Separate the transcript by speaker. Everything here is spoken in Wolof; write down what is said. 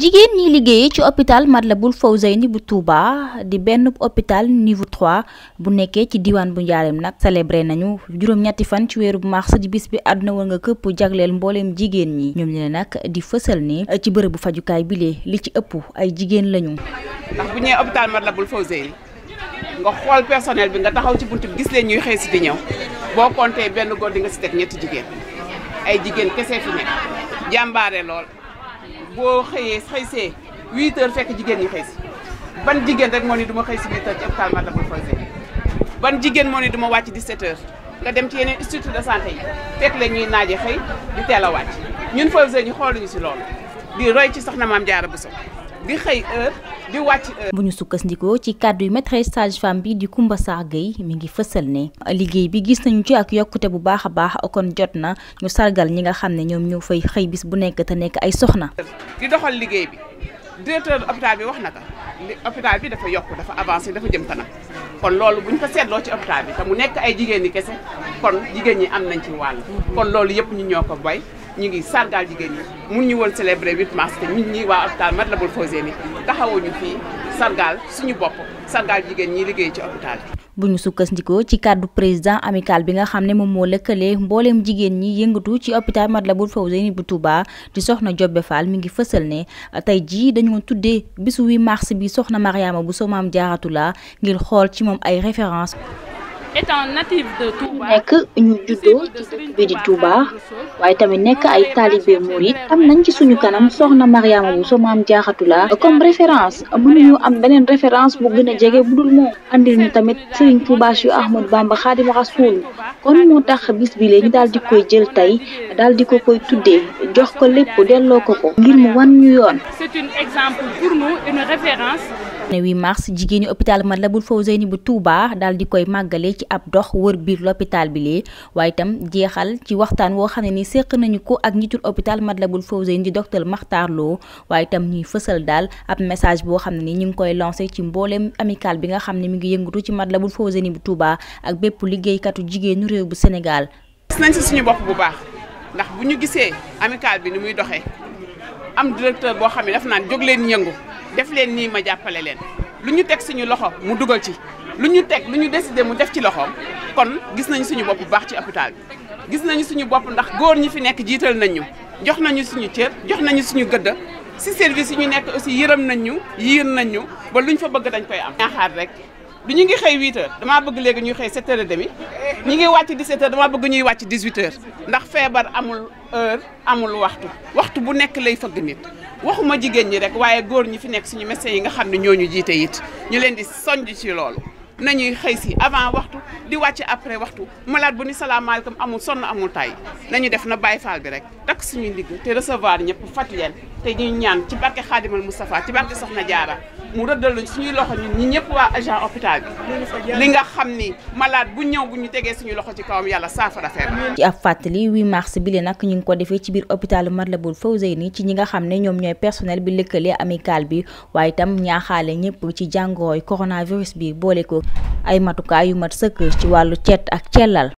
Speaker 1: jigéen ñi liggéey ci hôpital Matlaboul Fawzayni bu Touba di benn hôpital niveau bu nekkee ci diwaan bu njaareem nag célébré nañu fan ci weeru mars di bis bi àdduna war nga këpp jagleel mbooleem jigéen ñi ñoom ne nag di fësal ni ci bërëbu fajukaay bile li ci ëpp ay jigéen lañu.
Speaker 2: ndax bu ñëwee hôpital Matlaboul Fawzayni nga xool personnel bi nga taxaw ci bunt bi gis leen ñuy xëy si ñëw boo compté benn góor di nga si ñetti jigéen ay jigéen kese fi nekk jàmbaare lool. boo xëyee xëy see 8 heures fekk jigéen ñi xëy si ban jigéen rek moo ni du ma xëy si 8 heures ci hôpital Matlaboul ban jigéen moo ni du wàcc 17 heures nga dem ci yeneen institut de santé yi fekk la ñuy naaje xëy di teel a wàcc ñun Fawzeyni ñu xooluñu si lool di roy ci soxna maam Jaara so
Speaker 1: di xëy heure di wàcc heure. bu ñu sukkandikoo ci kàddu yu maîtresse sage-femme bi di Koumba Sarr Gueye mi ngi fësal ne liggéey bi gis nañu ci ak yokkute bu baax a baax kon jot na ñu sargal ñi nga xam ne ñoom ñoo fay xëy bis bu nekk te nekk ay soxna.
Speaker 2: di doxal liggéey bi directeur hôpital bi wax na ko li hôpital bi dafa yokk dafa avancé dafa jëm kanam kon loolu bu ñu ko seetloo ci hôpital bi te mu nekk ay jigéen ñi kese kon jigéen ñi am nañ ci wàll. kon loolu yëpp ñu ñoo ko bay ñu ngi sargal jigéen ñi mun ñu woon célébrer 8 mars te ñun ñi waa hôpital Matlaboul Fawzeyni taxawuñu fii sargal suñu bopp sargal jigéen ñi liggéey ci hôpital
Speaker 1: bu ñu sukkandikoo ci kàddu président amical bi nga xam ne moom moo lëkkale mbooleem jigéen ñi yëngatu ci hôpital Matlaboul Fawzeyni bu Touba di soxna Jobbe Fall mi ngi fësal ne tey jii dañoo tuddee bisu 8 mars bi soxna Mariama bu somaam jaaratu la ngir xool ci moom ay référence nekk ñu juddoo ci bi di Touba waaye tamit nekk ay taalibe murit am nañ ci suñu kanam soxna Mariama Bousso Maam Jaaratu Laa comme référence ñu am beneen référence bu gën a jege bu dul moom andil ñu tamit Sëriñ Touba Cheikh Ahmadou Bamba Xaadimu Rasuul kon moo tax bis bi ñu daal di koy jël tey daal di ko koy tuddee jox ko lépp delloo ko ko ngir mu wan ñu yoon. ne 8 mars jigéeni hôpital Matlaboul Fawzeyni bu Touba daal di koy màggale ci ab dox wër biir l'hôpital bi lee waaye itam jeexal ci waxtaan woo xam ne ni séq nañu ko ak njiitul hôpital Matlaboul Fawzeyni di docteur Makhtar Lo waaye itam ñuy fësal daal ab message boo xam ne ni ñu ngi koy lancé ci mbooleem amical bi nga xam ne mu ngi yëngatu ci Matlaboul Fawzeyni bu Touba ak bépp liggéeykatu jigéenu réew bu Sénégal gis nañ si suñu bopp bu baax
Speaker 2: ndax bu ñu gisee am directeur boo xam ne daf naan jóg leen yëngu def leen nii ma jàppale leen lu ñu teg suñu loxo mu dugal ci lu ñu teg lu ñu décidé mu def ci loxoom kon gis nañu suñu bopp bu baax ci hôpital bi gis nañu suñu bopp ndax góor ñi fi nekk jiital nañ ñu jox nañu suñu cër jox nañu suñu gëdd si service yi ñu nekk aussi yërëm nañ ñu yiir nañ ñu ba luñ fa bëgg dañ koy am ñaaxaar rek bi ñu ngi xëy 8 heures damaa bëgg léegi ñuy xëy 7 heures demi ñu ngi wàcc 17 heures damaa bëgg ñuy wàcc 18 heures ndax feebar amul heure amul waxtu waxtu bu nekk lay fëgg nit waxuma jigéen ñi rek waaye góor ñi fi nekk si ñu médecins yi nga xam ne ñu jiite it ñu leen di soñj ci loolu ñuy xëy si avant waxtu di wàcc après waxtu malaat bu ni salaamaaleykum amul sonn amul tay nañu def na bàyyi faal bi rek takk suñuy ndigg te recevoir ñëpp fat leen te ñuy ci barke xaadimal Moustapha ci barke Soxna Jaara mu rëddal luñ suñuy loxo ñun ñi waa agent hôpital bi li nga xam ni malaat bu ñëw bu ñu tegee suñu loxo ci kawam yàlla saafara feebar ci ab
Speaker 1: fàttali 8 mars bi le nag ñu ngi ko defee ci biir hôpital Matlaboul Fawzeyni ci ñi nga xam ne ñoom ñooy personnel bi lëkkalee kaal bi waaye itam ñaaxaale ñëpp ci jàngooy coronavirus bi boole ko ay matukaay yu mat sëkk ci wàllu cet ak cellal